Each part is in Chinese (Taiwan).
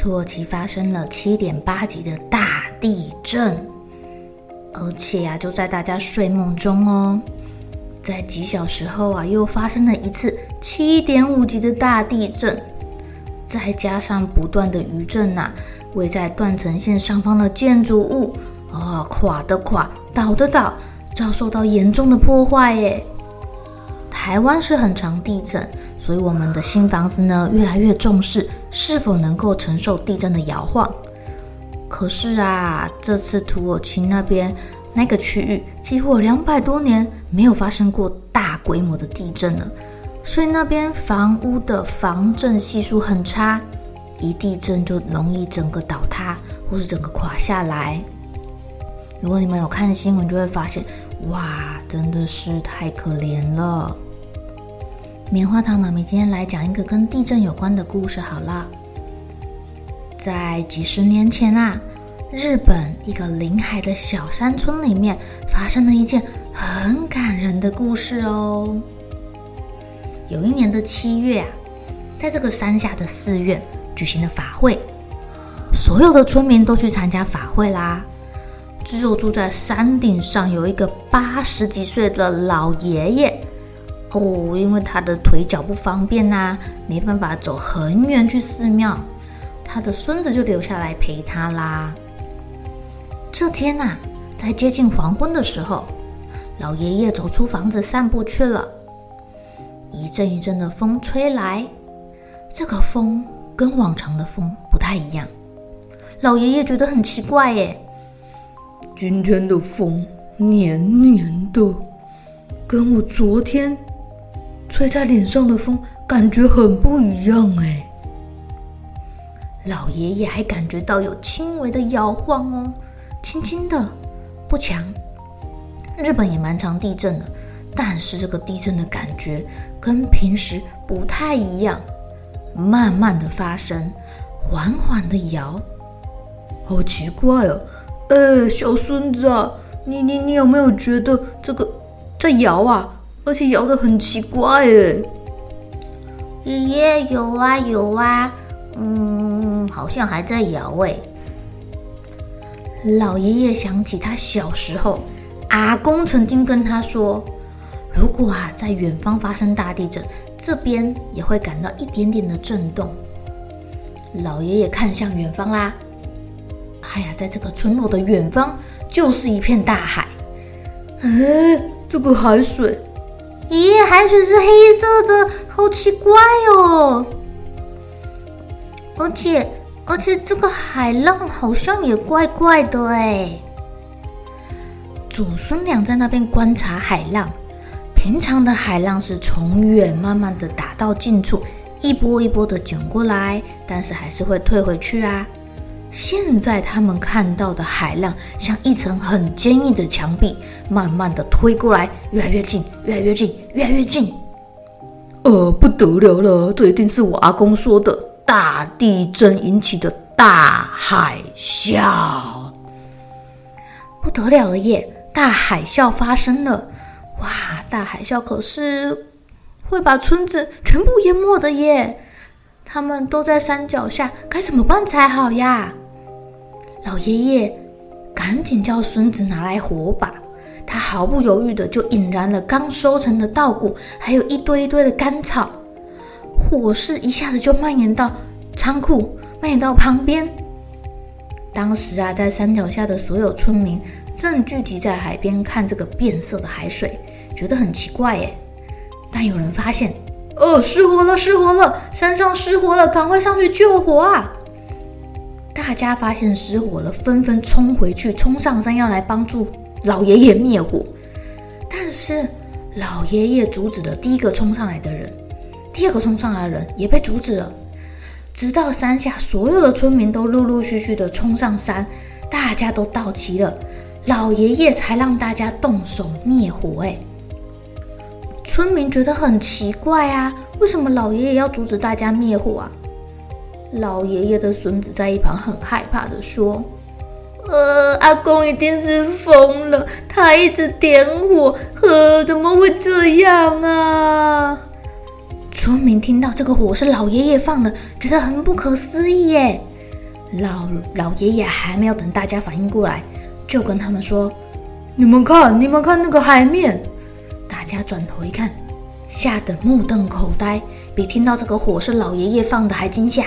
土耳其發生了七點八級的大地震，而且呀、啊，就在大家睡夢中哦，在幾小時後啊，又發生了一次七點五級的大地震，再加上不斷的餘震吶、啊,位在斷層線上方的建築物啊、哦，垮的垮，倒的倒，遭受到嚴重的破壞耶。台灣是很常地震。所以我們的新房子呢，越來越重視是否能夠承受地震的搖晃。可是啊，這次土耳其那邊那個區域幾乎兩百多年沒有發生過大規模的地震了，所以那邊房屋的防震系數很差，一地震就容易整個倒塌或是整個垮下來。如果你們有看新聞，就會發現，哇，真的是太可憐了。棉花糖，媽咪今天來講一個跟地震有關的故事。好了，在幾十年前啊，日本一個臨海的小山村裡面發生了一件很感人的故事哦。有一年的七月啊，在這個山下的寺院舉行了法會，所有的村民都去參加法會啦。只有住在山頂上有一個八十幾歲的老爺爺。哦，因為他的腿腳不方便呐、啊，沒辦法走很遠去寺廟，他的孫子就留下來陪他啦。這天呐、啊，在接近黃昏的時候，老爺爺走出房子散步去了。一陣一陣的風吹來，這個風跟往常的風不太一樣，老爺爺覺得很奇怪耶。今天的風黏黏的，跟我昨天。吹在臉上的風感覺很不一樣哎，老爺爺還感覺到有輕微的搖晃哦，輕輕的，不強。日本也蠻常地震的，但是這個地震的感覺跟平時不太一樣，慢慢的發生，緩緩的搖，好奇怪哦！呃，小孫子啊，你你你有沒有覺得這個在搖啊？而且搖得很奇怪耶！爺爺，有啊有啊。嗯，好像還在搖哎。老爺爺想起他小時候，阿公曾經跟他說，如果啊在遠方發生大地震，這邊也會感到一點點的震動。老爺爺看向遠方啦，哎呀，在這個村落的遠方就是一片大海，哎，這個海水。咦，海水是黑色的，好奇怪哦！而且，而且這個海浪好像也怪怪的哎。祖孫倆在那邊觀察海浪，平常的海浪是從遠慢慢的打到近處，一波一波的捲過來，但是還是會退回去啊。現在他們看到的海浪像一層很堅硬的牆壁，慢慢地推過來，越來越近，越來越近，越來越近。呃，不得了了，這一定是我阿公說的大地震引起的大海嘯。不得了了耶！大海嘯發生了，哇！大海嘯可是會把村子全部淹沒的耶！他們都在山腳下，該怎麼辦才好呀？老爺爺趕緊叫孫子拿來火把，他毫不猶豫的就引燃了剛收成的稻穀，還有一堆一堆的乾草，火勢一下子就蔓延到倉庫，蔓延到旁邊。當時啊，在山腳下的所有村民正聚集在海邊看這個變色的海水，覺得很奇怪耶。但有人發現，哦，失火了，失火了，山上失火了，趕快上去救火啊！大家發現失火了，紛紛衝回去，衝上山要來幫助老爺爺滅火。但是老爺爺阻止了第一個衝上來的人，第二個衝上來的人也被阻止了。直到山下所有的村民都陸陸續續的衝上山，大家都到齊了，老爺爺才讓大家動手滅火、欸。哎，村民覺得很奇怪啊，為什麼老爺爺要阻止大家滅火啊？老爺爺的孫子在一旁很害怕地說：“呃，阿公一定是瘋了，他一直點火，呃，怎麼會這樣啊？”村民聽到這個火是老爺爺放的，覺得很不可思議耶。老老爺爺還沒有等大家反應過來，就跟他們說：“你們看，你們看那個海面！”大家轉頭一看，嚇得目瞪口呆，比聽到這個火是老爺爺放的還驚嚇。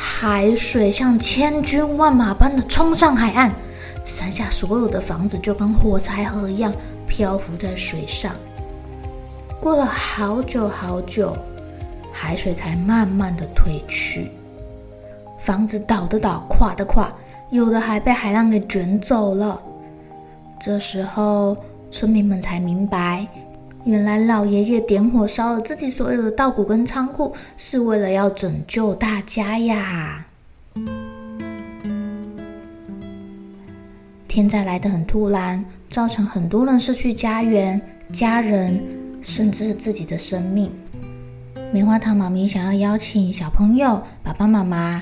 海水像千軍萬馬般的衝上海岸，山下所有的房子就跟火柴盒一樣漂浮在水上。過了好久好久，海水才慢慢的退去，房子倒的倒，垮的垮，有的還被海浪給捲走了。這時候，村民們才明白。原來老爺爺點火燒了自己所有的稻谷跟倉庫，是為了要拯救大家呀！天災來得很突然，造成很多人失去家園、家人，甚至自己的生命。棉花糖媽咪想要邀請小朋友、爸爸媽媽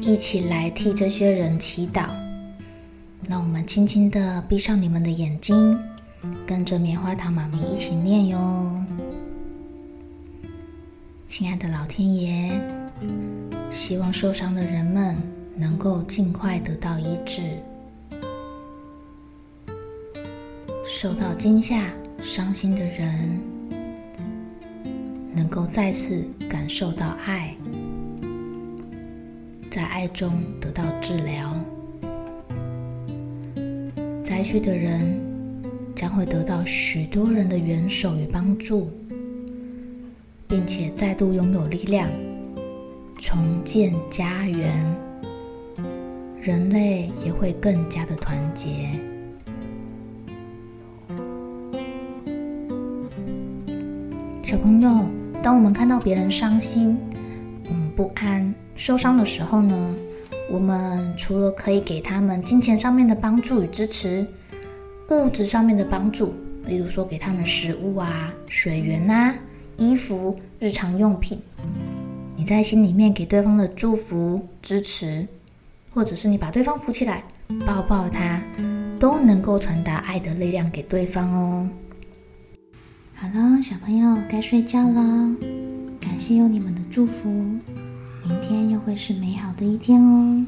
一起來替這些人祈禱。讓我們輕輕的閉上你們的眼睛。跟着棉花糖媽咪一起念喲，親愛的老天爺，希望受傷的人們能夠盡快得到醫治，受到驚嚇、傷心的人能夠再次感受到愛，在愛中得到治療，災區的人。將會得到許多人的援手與幫助，並且再度擁有力量，重建家園。人類也會更加的團結。小朋友，當我們看到別人傷心、嗯，不安、受傷的時候呢，我們除了可以給他們金錢上面的幫助與支持。物質上面的幫助，例如說給他們食物啊、水源啊、衣服、日常用品，你在心裡面給對方的祝福、支持，或者是你把對方扶起來、抱抱他，都能夠傳達愛的力量給對方哦。好了，小朋友，該睡覺了，感謝有你們的祝福，明天又會是美好的一天哦。